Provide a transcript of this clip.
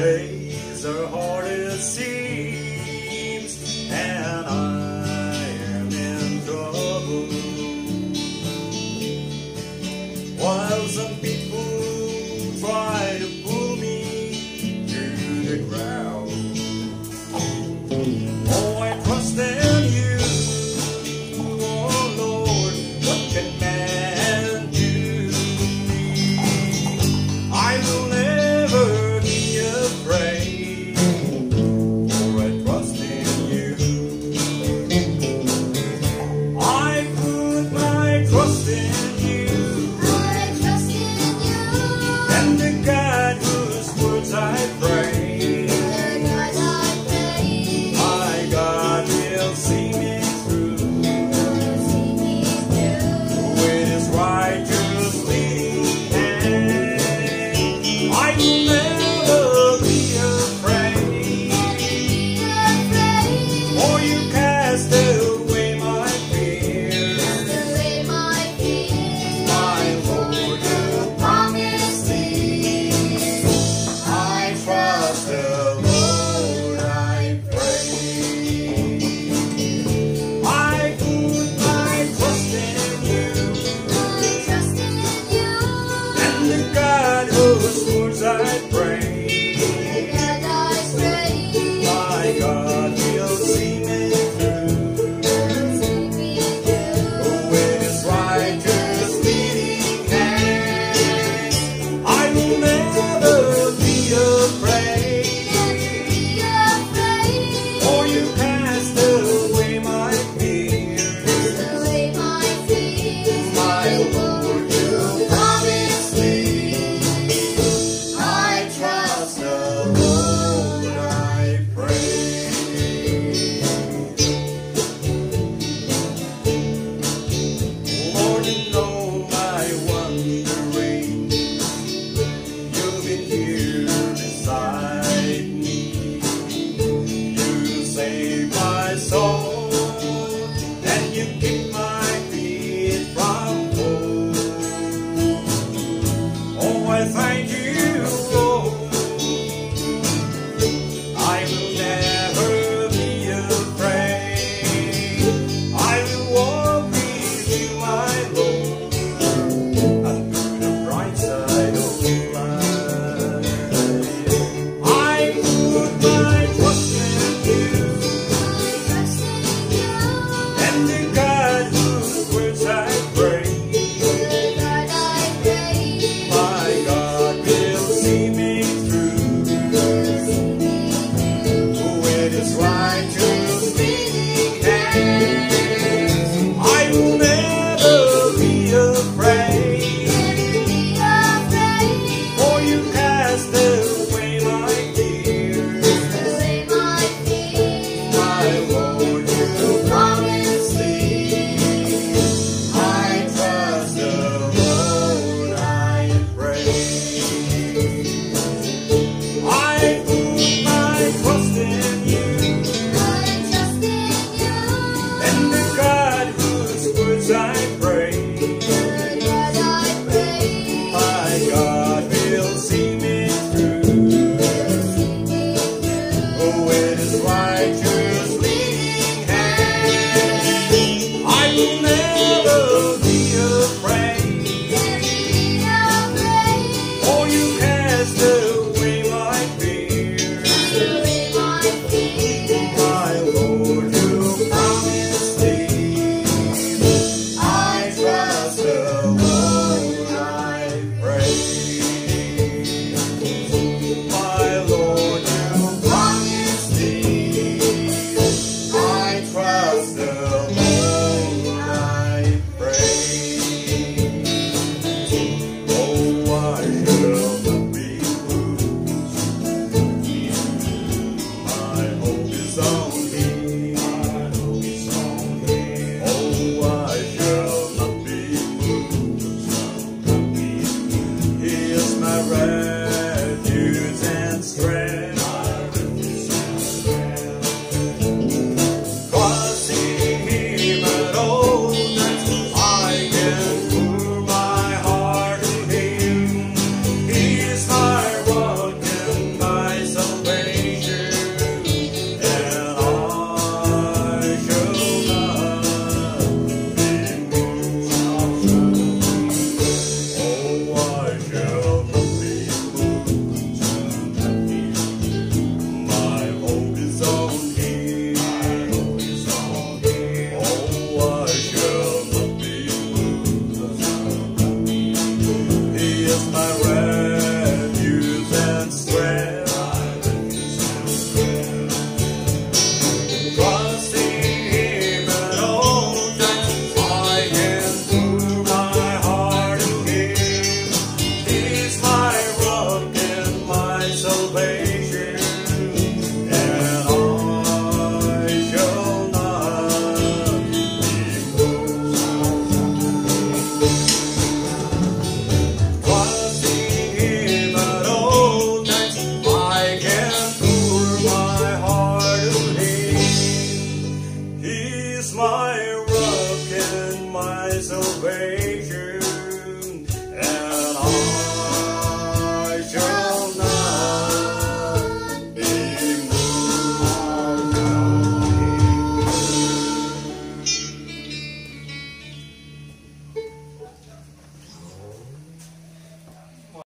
day. Why do